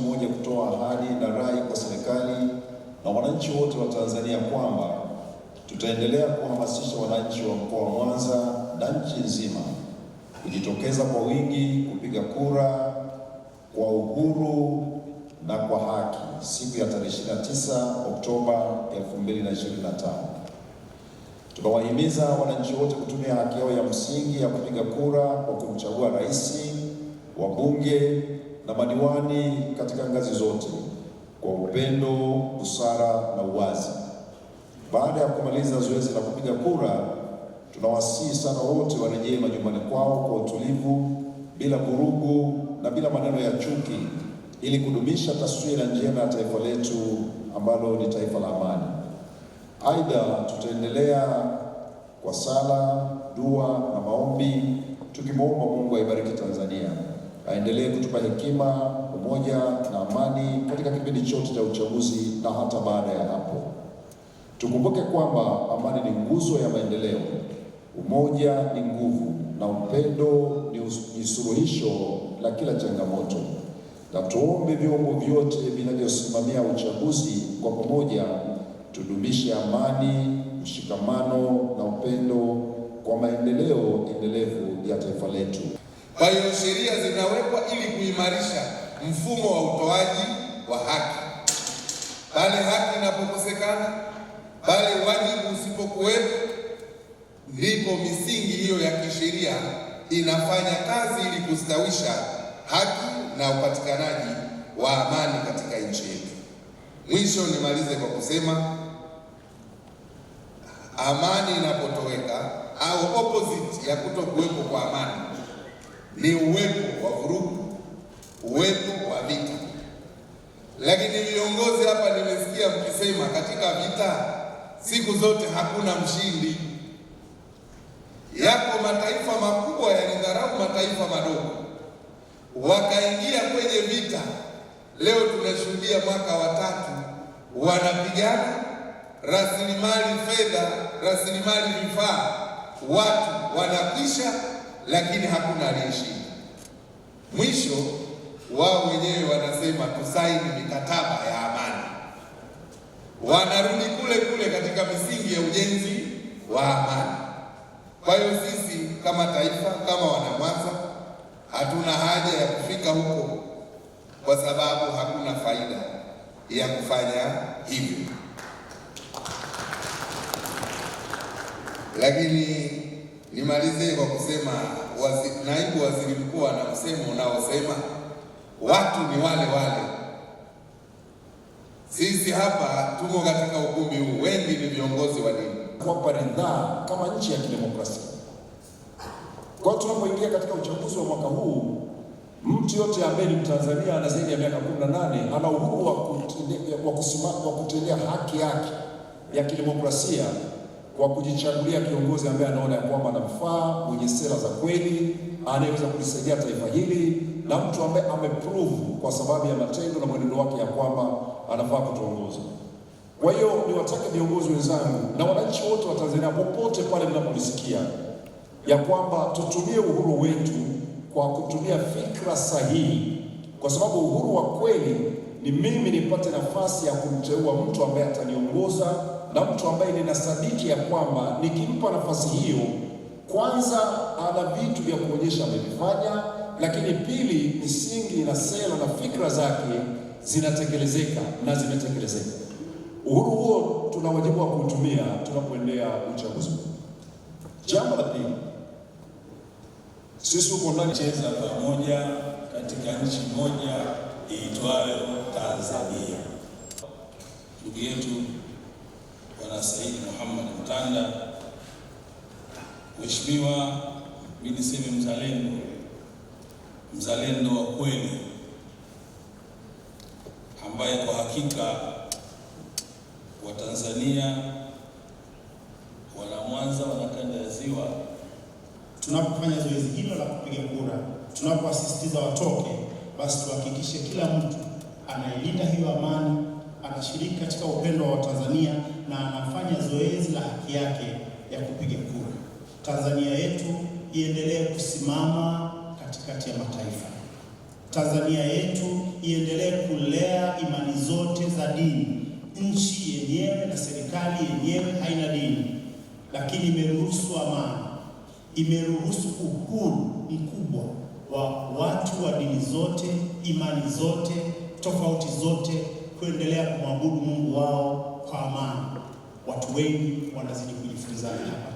moja kutoa ahadi na rai kwa serikali na wananchi wote wa Tanzania kwamba tutaendelea kuhamasisha wananchi wa mkoa wa Mwanza na nchi nzima kujitokeza kwa wingi kupiga kura kwa uhuru na kwa haki siku ya tarehe 29 Oktoba 2025. Tunawahimiza wananchi wote kutumia haki yao ya msingi ya kupiga kura kwa kumchagua rais, wabunge na madiwani katika ngazi zote kwa upendo, busara na uwazi. Baada ya kumaliza zoezi la kupiga kura, tunawasihi sana wote warejee majumbani kwao kwa utulivu, bila vurugu na bila maneno ya chuki, ili kudumisha taswira njema ya taifa letu ambalo ni taifa la amani. Aidha, tutaendelea kwa sala, dua na maombi tukimwomba Mungu aibariki Tanzania aendelee kutupa hekima, umoja na amani katika kipindi chote cha uchaguzi na hata baada ya hapo. Tukumbuke kwamba amani ni nguzo ya maendeleo, umoja ni nguvu, na upendo ni suluhisho la kila changamoto. Na tuombe vyombo vyote vinavyosimamia uchaguzi, kwa pamoja tudumishe amani, mshikamano na upendo kwa maendeleo endelevu ya taifa letu. Kwa hiyo sheria zinawekwa ili kuimarisha mfumo wa utoaji wa haki. Pale haki inapokosekana, pale wajibu usipokuwepo, ndipo misingi hiyo ya kisheria inafanya kazi ili kustawisha haki na upatikanaji wa amani katika nchi yetu. Mwisho nimalize kwa kusema amani inapotoweka au opposite ya kutokuwepo kwa amani ni uwepo wa vurugu, uwepo wa vita. Lakini viongozi hapa, nimesikia mkisema katika vita siku zote hakuna mshindi. Yako mataifa makubwa yalidharau mataifa madogo, wakaingia kwenye vita. Leo tunashuhudia mwaka wa tatu wanapigana, rasilimali fedha, rasilimali vifaa, watu wanakwisha lakini hakuna aliyeshinda. Mwisho wao wenyewe wanasema tusaini mikataba ya amani, wanarudi kule kule katika misingi ya ujenzi wa amani. Kwa hiyo sisi kama taifa, kama wanamwanza, hatuna haja ya kufika huko, kwa sababu hakuna faida ya kufanya hivyo, lakini Nimalize kwa kusema wazi, naibu waziri mkuu ana msemo unaosema watu ni wale wale. Sisi hapa tuko katika ukumbi huu, wengi ni viongozi wa dini, kwa ridhaa kama nchi ya kidemokrasia. Kwa hiyo tunapoingia katika uchaguzi wa mwaka huu, mtu yote ambaye ni Mtanzania ana zaidi ya miaka 18 ana uhuru wa kutendea haki yake ya kidemokrasia kwa kujichagulia kiongozi ambaye anaona ya kwamba anamfaa, mwenye sera za kweli, anayeweza kulisaidia taifa hili na mtu ambaye ameprove kwa sababu ya matendo na mwenendo wake ya kwamba anafaa kutuongoza. Kwa hiyo niwatake viongozi wenzangu na wananchi wote wa Tanzania, popote pale mnapolisikia ya kwamba tutumie uhuru wetu kwa kutumia fikra sahihi, kwa sababu uhuru wa kweli ni mimi nipate nafasi ya kumteua mtu ambaye ataniongoza na mtu ambaye ninasadiki ya kwamba nikimpa nafasi hiyo, kwanza ana vitu vya kuonyesha amevifanya, lakini pili, misingi na sera na fikra zake zinatekelezeka na zimetekelezeka. Uhuru huo tuna wajibu wa kuutumia tunapoendea uchaguzi. Jambo la pili, sisi huko ndani cheza pamoja katika nchi moja iitwayo Tanzania. Ndugu yetu Bwana Saidi Muhammad Mtanda, Mheshimiwa, mimi niseme mzalendo, mzalendo wa kweli ambaye kwa hakika Watanzania wana Mwanza wana kanda ya Ziwa, tunapofanya zoezi hilo la kupiga kura, tunapowasisitiza watoke, basi tuhakikishe kila mtu anailinda hiyo amani, anashiriki katika upendo wa Watanzania na anafanya zoezi la haki yake ya kupiga kura. Tanzania yetu iendelee kusimama katikati ya mataifa. Tanzania yetu iendelee kulea imani zote za dini. Nchi yenyewe na serikali yenyewe haina dini, lakini imeruhusu amani, imeruhusu uhuru mkubwa wa watu wa dini zote, imani zote, tofauti zote kuendelea kumwabudu Mungu wao kwa amani. Watu wengi wanazidi kujifunza hapa.